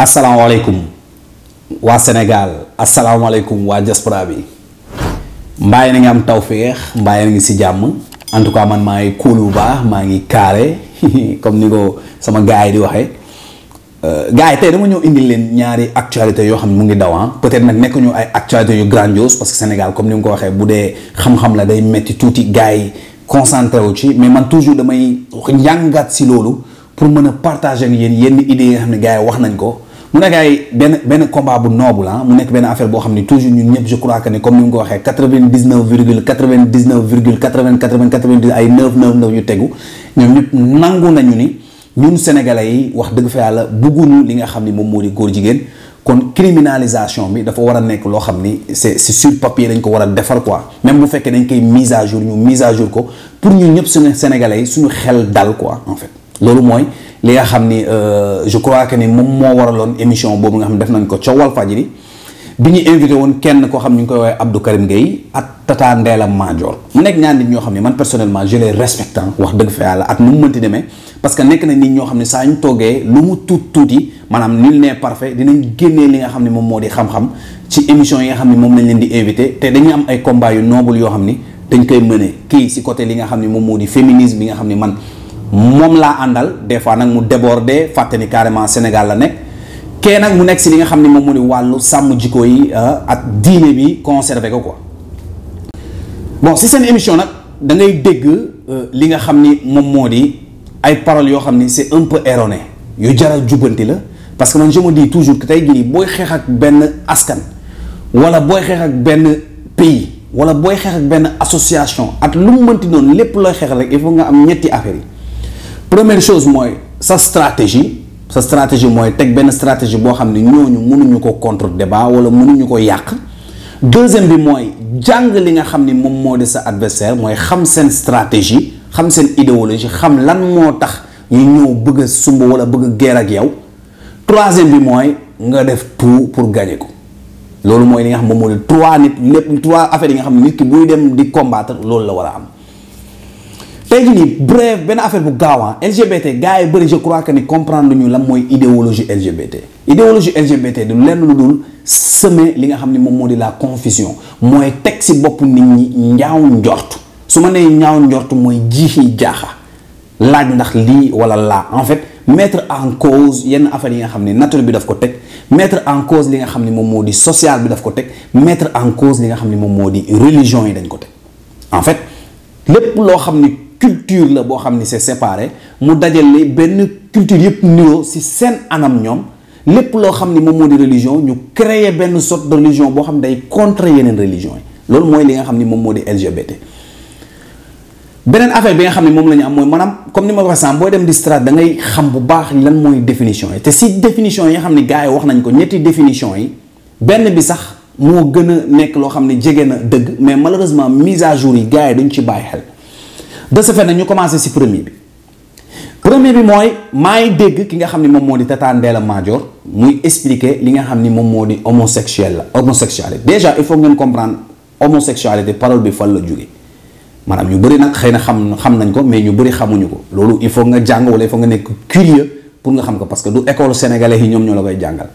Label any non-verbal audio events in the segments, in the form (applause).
asalaamaaleykum waa Sénégal asalaamaaleykum waa diaspora bi mbàyyi na ngi am tawféex mbàyyi na ngi si jàmm en tout cas man maa ngi kóolu bu baax maa ngi carré (laughs) comme ni ko sama gars yi di waxee euh, gars yi tey dama ñëw indil leen ñaari actualité yoo xam ne mu ngi daw ah. peut-être nag nekk ñu ay actualité yu grandiose parce que Sénégal comme ni nga ko waxee bu dee xam-xam la day metti tuuti gars yi concentré wu ci mais man toujours damay njàngat si loolu pour mën a partager ak yéen yenn idées yi wax nañ ko mu nekk ay benn benn combat bu noble ah mu nekk benn affaire boo xam ne toujours ñu ñëpp je crois que ne comme ni mu ko waxee quatre vingt dix neuf virgule quatre vingt tegu ñoom ñëpp nangu nañu ni ñun sénégalais yi wax dëgg fa yàlla bëgguñu li nga xam ni moom moo di góor jigéen kon criminalisation bi dafa war a nekk loo xam ni c'est c'est sur papier dañ ko war a defar quoi même bu fekkee dañ koy mise à jour ñu mise à jour ko pour ñun ñëpp suñu sénégalais su suñu xel dal quoi en loolu mooy. li nga xam ni euh, je crois que ni moom moo waraloon émission boobu nga xam def nañ ko ca Walfadjri bi ñu invité woon kenn koo xam ñu ngi koy woowee Abdou Karim Gueye ak Tata Ndella Madior mu nekk ñaar nit ñoo xam ne man personnellement je les respecte wax dëgg fa yàlla ak nu mu mënti demee parce que nekk na nit ñoo xam ne saa ñu toogee lu mu tuut tuuti maanaam dinañ génnee li nga xam ne moom moo di xam-xam ci émission yi nga xam ne moom lañ leen di invité te dañuy am ay combats yu noble yoo xam ni dañ koy mëne kii si côté li nga xam ne moom moo di féminisme bi nga xam ne man moom laa àndal des fois nag mu déborder fàtte ni carrément Sénégal la nekk kee nag mu nekk si li nga xam ni moom moo ni wàllu sàmm jikko yi euh, ak diine bi conservé ko ko bon si seen émission nag da ngay dégg euh, li nga xam ni moom moo di ay paroles yoo xam ni c'est un peu erroné yu jar a jubbanti la parce que man je me toujours que tey jii booy xeex ak benn askan wala booy xeex ak benn pays wala booy xeex ak benn association ak lu mu mënti noonu lépp looy xeex rek nga am ñetti affaires yi. première chose mooy sa stratégie sa stratégie mooy teg benn stratégie boo xam ne ñooñu mënuñu ko contre débat wala mënuñu ko yàq deuxième bi mooy jàng li nga xam ni moom moo di sa adversaire mooy xam seen stratégie xam seen idéologie xam lan moo tax ñu ñëw bëgg sumb wala bëgg geer ak yow troisième bi mooy nga def tout pour gagner ko loolu mooy li nga xam moom moo di trois nit lépp trois affaires yi nga xam ne nit ki buy dem di combattre loolu la war a am tey jii benn affaire bu gaawaan LGBT gars yi bëri je crois que ni comprendre ñu lan mooy idéologie LGBT idéologie LGBT du lenn lu dul semer li nga xam ne moom moo di la confusion mooy teg si bopp nit ñi ñaaw njort su ma nee ñaaw njort mooy jiixi jaaxa laaj ndax lii wala laa en fait mettre en cause yenn affaire yi nga xam ne nature bi daf ko teg mettre en cause li nga xam ne moom moo di sociale bi daf ko teg mettre en cause li nga xam ne moom moo di religion yi dañ ko teg culture la boo xam ni c'est séparé mu dajale benn culture yëpp niroo si seen anam ñoom lépp loo xam ni moom moo di religion ñu créer benn sorte de religion boo xam ne day contre yeneen religion yi loolu mooy li nga xam ni moom moo di LGBT beneen affaire bi nga xam ne moom la ñu am mooy maanaam comme ni ma waxee sànq booy dem di strat ngay xam bu baax lan mooy définition yi te si définition yi nga xam ne gars yi wax nañ ko ñetti définition yi benn bi sax moo gën a nekk loo xam ne jege na dëgg mais malheureusement mise à jour yi gars yi duñ ci bàyyi de ce ñu commencé si premier bi premier bi mooy maa ngi dégg ki nga xam ni moom moo di Tata Ndella Madior muy expliquer li nga xam ni moom moo di homosexuel la homosexualité déjà il faut ngeen comprendre homosexualité parole bi fan la jóge maanaam ñu bëri nag xëy na xam xam nañ ko mais ñu bëri xamuñu ko loolu il faut nga jàng wala nga nekk curieux pour nga xam ko parce que du école sénégalais yi ñoom ñoo koy jàngal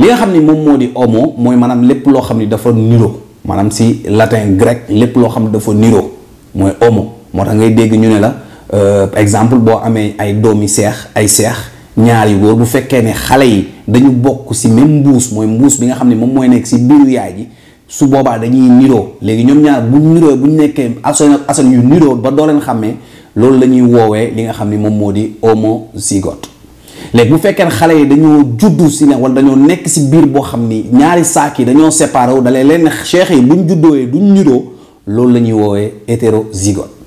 li nga xam ni moom moo di homo mooy maanaam lépp loo xam ni dafa niroo maanaam si latin grec lépp loo xam ni dafa niroo mooy homo moo tax ngay dégg ñu ne la euh, exemple boo amee ay doomi seex ay seex ñaari yu bu fekkee ne xale yi dañu bokk si même mbuus mooy mbuus bi nga xam ne moom mooy nekk si biiru yaay su boobaa dañuy niroo léegi ñoom ñaar bu ñu bu ñu nekkee asan asan yu niroo ba doo leen loolu la ñuy li nga xam ni moom moo di homozygote léegi bu fekkee ne xale yi dañoo juddu si ne wala dañoo nekk si biir boo xam ni ñaari saak yi dañoo séparé wu dalee leen cheikh yi buñ juddooyee duñ niroo loolu la ñuy woowee hétérozygote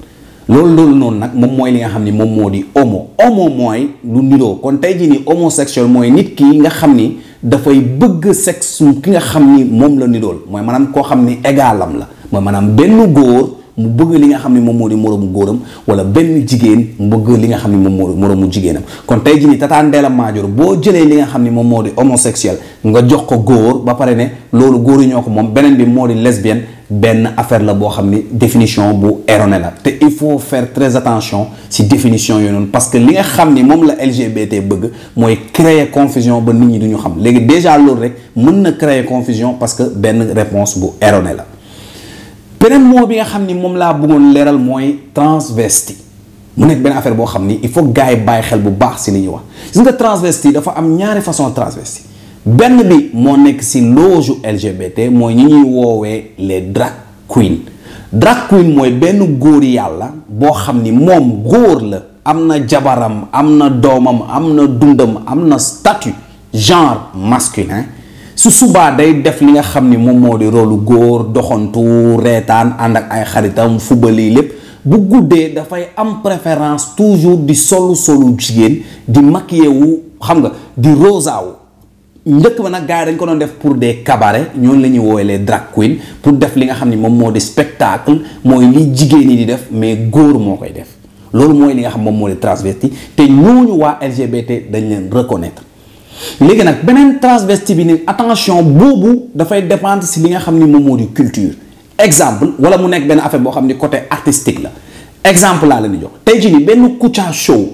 loolu loolu noonu nag moom mooy li nga xam ni moom moo di homo homo mooy lu niroo kon tey jii ni homosexuel mooy nit ki nga xam ni dafay bëgg sexe ki nga xam ni moom la nirool mooy maanaam koo xam ni égalam la mooy maanaam benn góor mu li nga xam ni moo di moroomu góoram wala benn jigéen mu bëgg xam ni moom moo di moroomu jigéenam kon tey jii ni Tata Ndella Madior boo jëlee li nga xam ni moom moo di homosexuel nga jox ko góor ba pare ne loolu góor yi ñoo ko moom beneen bi moo di lesbienne benn affaire la boo xam ni définition bu erronée la te il faut faire très attention si définition yooyu noonu parce que li nga xam ni moom la LGBT bëgg mooy créer confusion ba nit ñi duñu xam léegi déjà loolu rek mën na créer confusion parce que benn réponse bu erronée la beneen mot bi nga xam ni moom laa bëggoon leeral mooy transvesti mu nekk benn affaire boo xam ni il faut gars yi bàyyi xel bu baax si li ñuy wax gis nga transvesti dafa am ñaari façon transvesti benn bi moo nekk si loge LGBT mooy ñi ñuy woowee les drag queen drag queen mooy benn góor yàlla boo xam ni moom góor la am na jabaram am na doomam am na dundam am na statu genre masculin su subaa day def li nga xam ni moom moo di rolu góor doxantu reetaan ànd ak ay xaritam fubali lépp bu guddee dafay am préférence toujours di solu solu jigéen di maquillé wu xam nga di rosaawu njëkk ba nag gars yi dañ ko doon def pour des cabarets ñooñu la ñuy woowee les drag queen pour def li nga xam ni moom moo di spectacle mooy li jigéen yi di def mais góor moo koy def loolu mooy li nga xam moom moo di transvesti te ñooñu waa LGBT dañ leen reconnaître léegi nag beneen transvesti bi ne attention boobu dafay dépendre si li nga xam ni moom moo di culture exemple wala mu nekk benn affaire boo xam ni côté artistique la exemple laa leen di jox tey jii nii benn Kouthia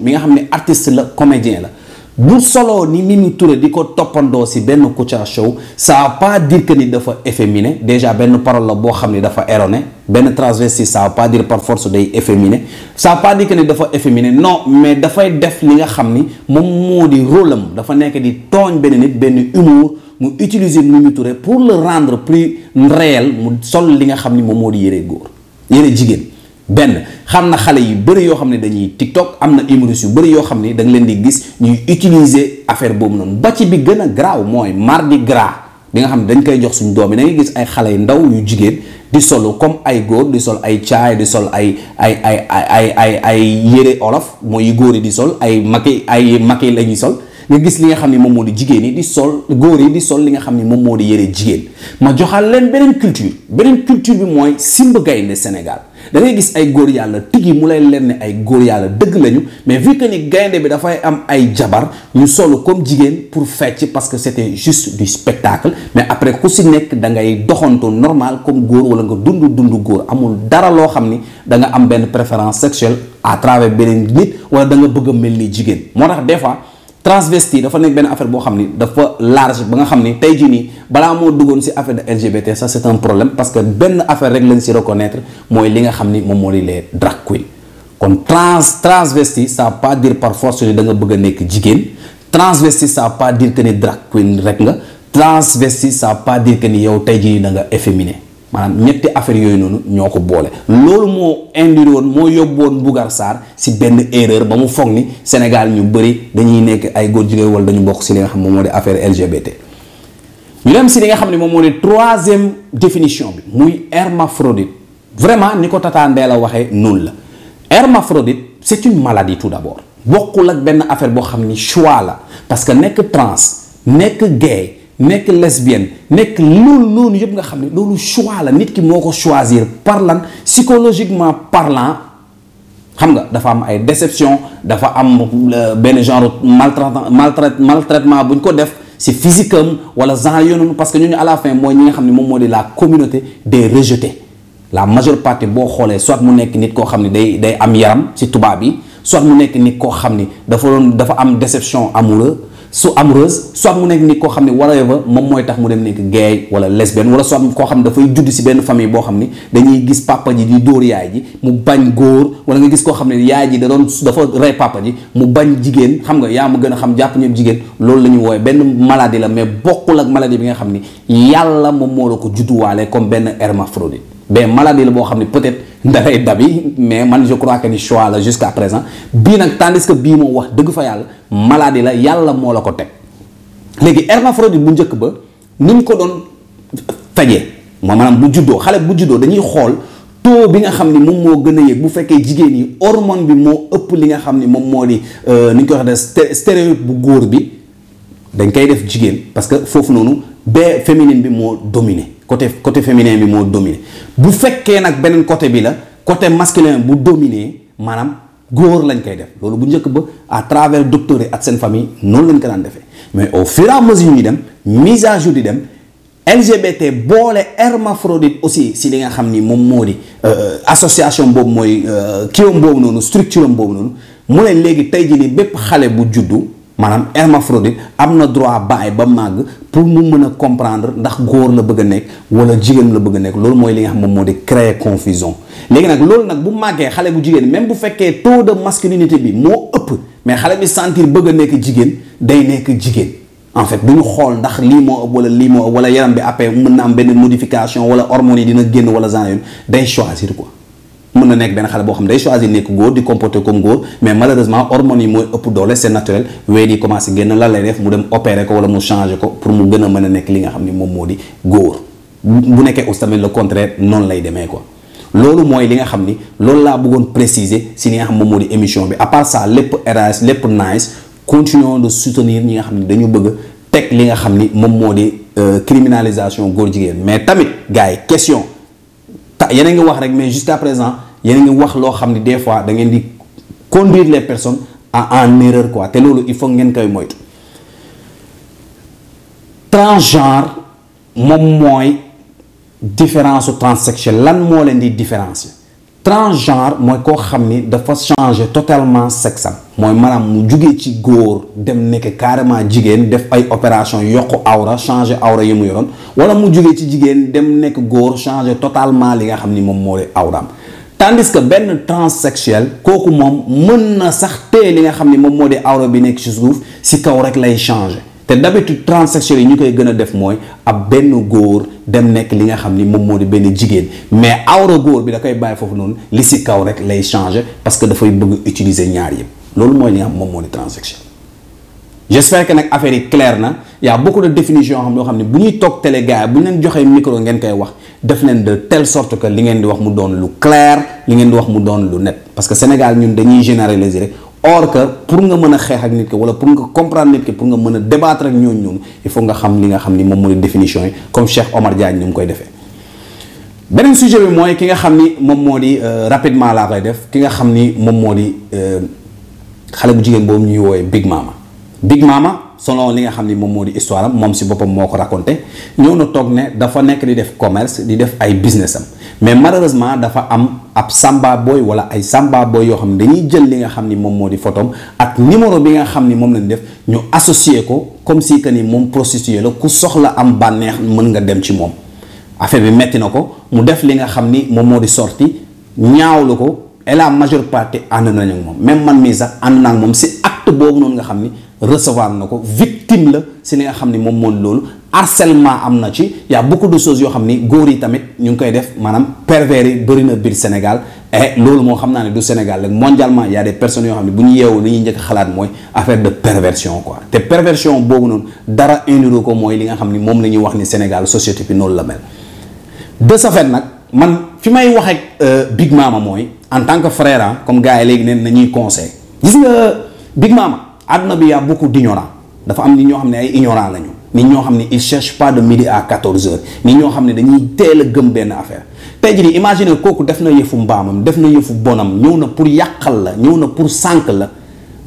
mi nga xam ne artiste la comédien la. bu soloo ni Mimi Touré di ko toppandoo si benn Kouthia Show ça veut pas dire que ni dafa efféminé déjà benn parole la boo xam ni dafa erroné benn transvesti ça veut pas dire par force day efféminé ça veut pas dire que ni dafa efféminé no mais dafay def li nga xam ni moom moo di rôle dafa nekk di tooñ benn nit benn humour mu utiliser mu ture pour le rendre plus réel mu sol li nga xam ni moom moo di yére góor yére jigéen benn xam na xale yu bëri yoo xam ne dañuy TikTok am na humoriste yu bëri yoo xam ne da leen di gis ñuy utiliser affaire boobu noonu ba ci bi gën a garaaw mooy mardi gras bi nga xam ne dañ koy jox suñu doom yi da gis ay xale yu ndaw yu jigéen di solo comme ay góor di sol ay caay di sol ay ay ay ay ay ay yére olof mooy yu góor yi di sol ay maki ay maki la ñuy sol nga gis li nga xam ne moom moo di jigéen yi di sol góor yi di sol li nga xam ne moom moo di yére jigéen ma joxal leen beneen culture beneen culture bi mooy Simba Gaynde Sénégal da ngay gis ay góor yàlla tigi mu lay leen ne ay góor yàlla dëgg lañu mais vu que ni gaynde bi dafay am ay jabar ñu solo comme jigéen pour fecc parce que c'était juste du spectacle mais après ku si nekk da ngay doxantu normal comme góor wala nga dund dundu góor amul dara loo xam ni da nga am benn préférence sexuelle à travers beneen nit wala da nga bëgg a mel ni jigéen moo tax des transvesti dafa nekk benn affaire boo xam ni dafa large ba nga xam ni tey jii nii balaa moo duggoon si affaire de LGBT ça c'est problème parce que benn affaire rek lañ si reconnaître mooy li nga xam ni moom moo di les drag queen kon trans transvesti ça veut pas dire par force ni da nga bëgg a nekk jigéen transvesti ça veut pas dire que ni drag queen rek nga transvesti ça veut pas dire que ni yow tey jii da nga efféminé maanaam ñetti affaire yooyu noonu ñoo ko boole loolu moo indi woon moo yóbboon Bougar Sarr si benn erreur ba mu foog ni Sénégal ñu bëri dañuy nekk ay góor jigéen wala dañu bokk si li nga xam moom moo di affaire LGBT si li nga xam ne moom moo di troisième définition bi muy hermaphrodite vraiment ni ko Tata la waxee noonu la hermaphrodite c'est une maladie tout d'abord bokkul ak benn affaire boo xam ni choix la parce que nekk trans nekk gay nekk lesbienne nekk loolu noonu yëpp nga xam ne loolu choix la nit ki moo ko choisir par lan psychologiquement parlant xam nga dafa am ay déception dafa am euh, benn genre maltrat maltraitement bu ñu ko def si physique am wala genre yoonu parce que ñooñu à la fin mooy ñi nga xam ne moom moo di la communauté des rejetés la majeure partie boo xoolee soit mu nekk nit koo xam ne day day am yaram si tubaab yi soit mu nekk nit koo xam ni dafa doon dafa am déception amoureux su amoureuse soit mu nekk nit koo xam ne whatever moom mooy tax mu dem nekk gay wala lesbienne wala soit koo xam ne dafay judd si benn famille boo xam ni dañuy gis papa ji di dóor yaay ji mu bañ góor wala nga gis koo xam ne yaay ji da doon dafa rey papa ji mu bañ jigéen xam nga yaa ma gën a xam jàpp ñëpp jigéen loolu la ñu wooye benn maladie la mais bokkul ak maladie bi nga xam ni yàlla moom moo la ko judduwaale comme benn hermaphrodite mais maladie la xam ne peut-être da lay dabi mais man je crois que ni choix la jusqu'à présent bii nag tandis que bii moo wax dëgg fa yàlla maladie la yàlla moo la ko teg léegi hermaphrodite bu njëkk ba ni ñu ko doon fajee moo maanaam bu juddoo xale bu juddoo dañuy xool taux bi nga xam ni moom moo gën a yëg bu fekkee jigéen yi hormone bi moo ëpp li nga xam ni moom moo di euh, ni ñu koy wax de stéréotype bu góor bi dañ koy def jigéen parce que foofu noonu bee féminine bi moo dominé côté côté féminin bi moo dominé bu fekkee nag beneen côté bi la côté masculin bu dominé maanaam góor lañ koy def loolu bu njëkk ba à travers docteurs yi ak seen famille noonu lañ ko daan defee mais au fur et à mesure ñu dem mise à jour di dem LGBT boole hermaphrodite aussi si li nga xam ni moom moo di euh, euh, association boobu mooy euh, kiwam boobu noonu structure am boobu noonu mu ne léegi tey jii nii bépp xale bu juddu. maanaam hermaphrodite am na droit baay ba màgg pour mu mën a comprendre ndax góor la bëgg a nekk wala jigéen la bëgg a nekk loolu mooy li nga xam moom moo de créer confusion léegi nag loolu nag bu màggee xale bu jigéen même bu fekkee taux de masculinité bi moo ëpp mais xale bi sentir bëgg a nekk jigéen day nekk jigéen en fait du ñu xool ndax lii moo ëpp wala lii moo ëpp wala yaram bi après mën na am benn modification wala hormones yi dina génn wala genre day choisir quoi mën na nekk benn xale boo xam day choisir nekk góor di comporter comme góor mais malheureusement hormones yi mooy ëpp doole c'est naturel ween yi commencé génn lan lay def mu dem opérer ko wala mu changer ko pour mu gën a mën a nekk li nga xam ni moom moo di góor bu nekkee aussi tamit le contraire noonu lay demee quoi. loolu mooy li nga xam ni loolu laa bëggoon préciser si nga xam moom moo di émission bi à part lépp RAS lépp nice continuons de soutenir ñi nga xam ni dañu bëgg teg li nga xam ni moom moo di euh, criminalisation góor jigéen mais tamit gars yi question. ta ngi wax rek mais jusqu'à présent yéen a ngi wax loo xam ne des fois da ngeen di conduire les personnes à en erreur quoi te loolu il faut ngeen koy moytu transgenre moom mooy différence su transsexuel lan moo leen di différence transgenre mooy koo xam ni dafa changer totalement sexe mooy maanaam mu jugee ci góor dem nekk carrément jigéen def ay opération yokku awra changer awra yi mu yoroon wala mu jugee ci jigéen dem nekk góor changer totalement li nga xam ni moom moo di awraam tandis que benn transsexuel kooku moom mën na sax téye li nga xam ni moom moo di awra bi nekk ci suuf si kaw rek lay changer. te d'habitude transsexuel yi ñu koy gën a def mooy ab benn góor dem nekk li nga xam ni moom moo di benn jigéen mais awra góor bi da koy bàyyi foofu noonu li si kaw rek lay changer parce que dafay bëgg utiliser ñaar yëpp loolu mooy li nga xam moom moo di transsexuel j'espère que nag affaire yi clair na y a beaucoup de définition yoo xam yoo xam ne bu ñuy toog télé bu leen joxee micro ngeen koy wax def leen de telle sorte que li ngeen di wax mu doon lu clair li ngeen di wax mu doon lu net parce que Sénégal ñun dañuy généraliser rek or que pour nga mën a xeex ak nit ki wala pour nga comprendre nit ki pour nga mën a débattre ak ñooñu ñoom il faut nga xam li nga xam ni moom mooy définition yi comme Cheikh Omar Diagne ni mu koy defee. beneen sujet bi mooy ki nga xam ni moom moo di euh, rapidement laa koy def ki nga xam ni moom moo di euh, xale bu jigéen boobu ñuy woowee Big Mama Big Mama. selon li nga xam ni moom moo di histoire am moom si boppam moo ko raconté ñëw na toog ne dafa nekk di def commerce di def ay business am mais malheureusement dafa am ab samba boy wala ay samba boy yoo xam ne dañuy jël li nga xam ni moom moo di photom ak numéro bi nga xam ni moom lañu def ñu associé ko comme si que ni moom prostitué la ku soxla am bànneex mën nga dem ci moom affaire bi metti na ko mu def li nga xam ni moom moo di sorti ñaawlu ko et la majeure partie ànd nañu moom même man mii sax ànd naa moom si acte boobu noonu nga xam ni recevoir na ko victime la si li nga xam ni moom moo loolu harcèlement am na ci y a beaucoup de choses yoo xam ni góor yi tamit ñu ngi koy def maanaam pervers yi na biir Sénégal et loolu moo xam naa ne du Sénégal rek mondialement y a des yoo xam ne bu ñu yeewoo li ñuy njëkk xalaat mooy affaire de perversion quoi te perversion boobu noonu dara indiru ko mooy li nga xam ni moom la ñuy wax ni Sénégal société bi noonu la mel de ce nag man fi may wax ak euh, Big mooy. en tant que frère comme gars yi léegi neen nañuy conseil gis nga Big Mama àdduna bi y a beaucoup d'ignorants dafa am nit ñoo xam ne ay ignorants lañu nit ñoo xam ne ils cherchent pas de midi à 14 heures nit ñoo xam ne dañuy teel a gëm benn affaire tey jii imagine kooku def na yëfu mbaamam def na yëfu bonam ñëw na pour yàqal la ñëw na pour sànq la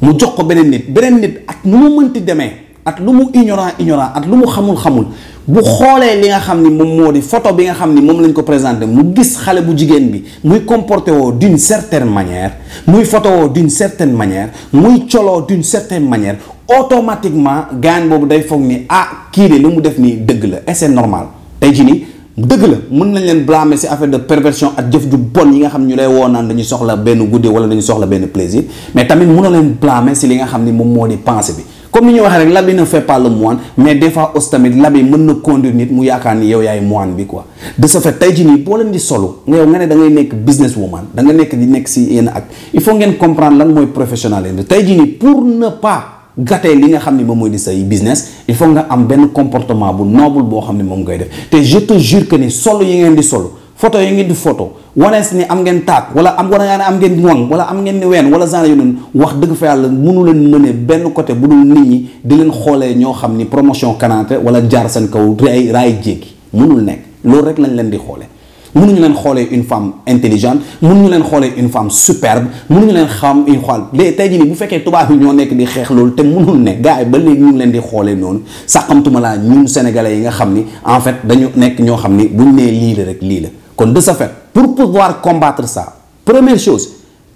mu jox ko beneen nit beneen nit ak nu mu mënti demee at lu mu ignorant ignorant ak lu mu xamul xamul bu xoolee li nga xam ni moom moo di photo bi nga xam ni moom lañ ko présenté mu gis xale bu jigéen bi muy comporté woo d'une certaine manière muy photo woo d'une certaine manière muy coloo d'une certaine manière automatiquement gaan boobu day foog ni ah kii de lu mu def nii dëgg la et c'est normal tey jii nii dëgg la mën nañ leen blâmer ci affaire de perversion ak jëf ju bon yi nga xam ñu lay woo naan dañu soxla benn guddi wala dañu soxla benn plaisir mais tamit mënoo li nga xam ni moom moo di pensée bi comme ni ñu waxee rek l'habit ne fait pas le moine mais des fois aussi tamit l'habit mën na conduire nit mu yaakaar ni yow yaay moine bi quoi de ce fait tey jii nii boo leen di solo nga yow nga ne da nekk business woman da nga nekk di nekk si yenn ak il faut ngeen comprendre lan mooy professionnalisme tey jii nii pour ne pas gàttee li nga xam ne moom mooy di say business il faut nga am benn comportement bu noble boo xam ne moom ngay def te je te jure que ni solo ngeen di solo photo yi ngeen di photo wane si ni am ngeen taak wala am war a am ngeen wang wala am ngeen ni ween wala genre wax dëgg fa yàlla mënu leen mëne benn côté bu dul nit ñi di leen xoolee ñoo xam ni promotion kanante wala jaar seen kaw raay raay jéegi mënul nekk loolu rek lañ leen di xoolee mënuñu leen xoolee une femme intelligente mënuñu leen xoolee une femme superbe mënuñu leen xam une xool de bu fekkee tubaab yi ñoo nekk di xeex loolu te mënul ne gars yi ba léegi ñu leen di xoolee noonu sàqamtuma laa ñun sénégalais yi nga xam ni en fait dañu nekk ñoo xam ni buñ nee lii la rek lii la kon de ce fait pour pouvoir combattre ça première chose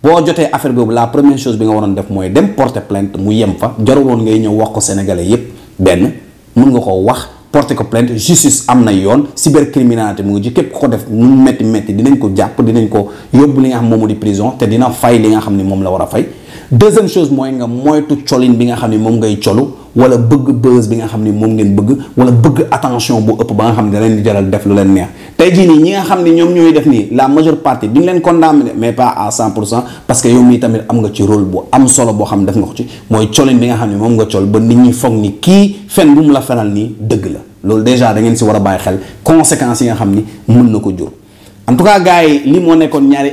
boo jotee affaire boobu la première chose bi nga waroon def mooy dem porter plainte mu yem fa jaruloon ngay ñëw wax ko sénégalais yépp benn mun nga ko wax porter ko plainte justice am na yoon cybercriminalité mu ngi ci képp ko def mu métti métti dinañ ko jàpp dinañ ko yóbbu li nga xam moomu di prison te dina fay li nga xam ne moom la war a fay deuxième chose mooy nga moytu colin bi nga xam ne moom ngay colu wala bëgg buzz bi nga xam ne moom ngeen bëgg wala bëgg attention bu ëpp ba nga xam ne da leen di jaral def leen neex tey jii nii ne ñoom ñooy def nii la majeure partie duñ leen condamné mais pas à 100 pour cent parce que yow mii tamit boo xam ne def nga ko ci mooy colin bi nga xam ne moom nga col ba nit ñi foog ni bu mu la loolu déjà da ngeen si war a bàyyi xel conséquences yi nga xam ni mën na ko jur en tout cas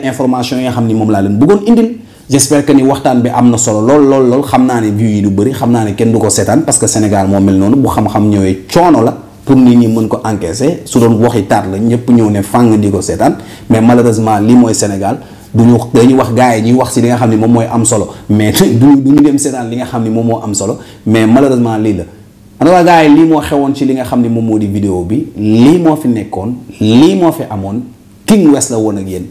information yi nga xam ni moom laa leen bëggoon indil j'espère que ni waxtaan bi am na solo lool lool xam naa ne view yi du bëri xam naa ne kenn du ko seetaan parce que Sénégal moo mel noonu bu xam-xam ñëwee coono la pour nit ñi mën ko encaisser su doon waxi taat la ñëpp ñëw ne fàng di ko seetaan mais malheureusement lii mooy Sénégal duñu dañuy wax gars yi ñuy wax si li nga xam ne moom mooy am solo mais (laughs) duñu duñu dem li nga xam ne moom moo am solo mais malheureusement lii la en na cas gars yi lii moo xewoon ci li nga xam ne moom moo di vidéo bi lii moo fi nekkoon lii moo fi amoon King West la woon ak yéen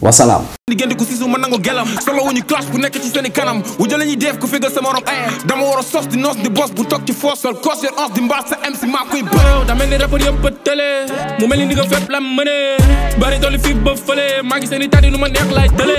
wasalaam diggante ku siisu mën nangu gelam solo wuñu clash bu nekk ci seeni kanam wu jële ñuy def ku fégal sa morom eh. dama war sos di noos di bos bu toog ci foos sol koos yor di mbaas sa MC maa koy bëw da mel ni rappeur a tële mu mel ni ndiga fépp la mëne bari dolli fii ba fële seeni tadi nu ma neex laay tële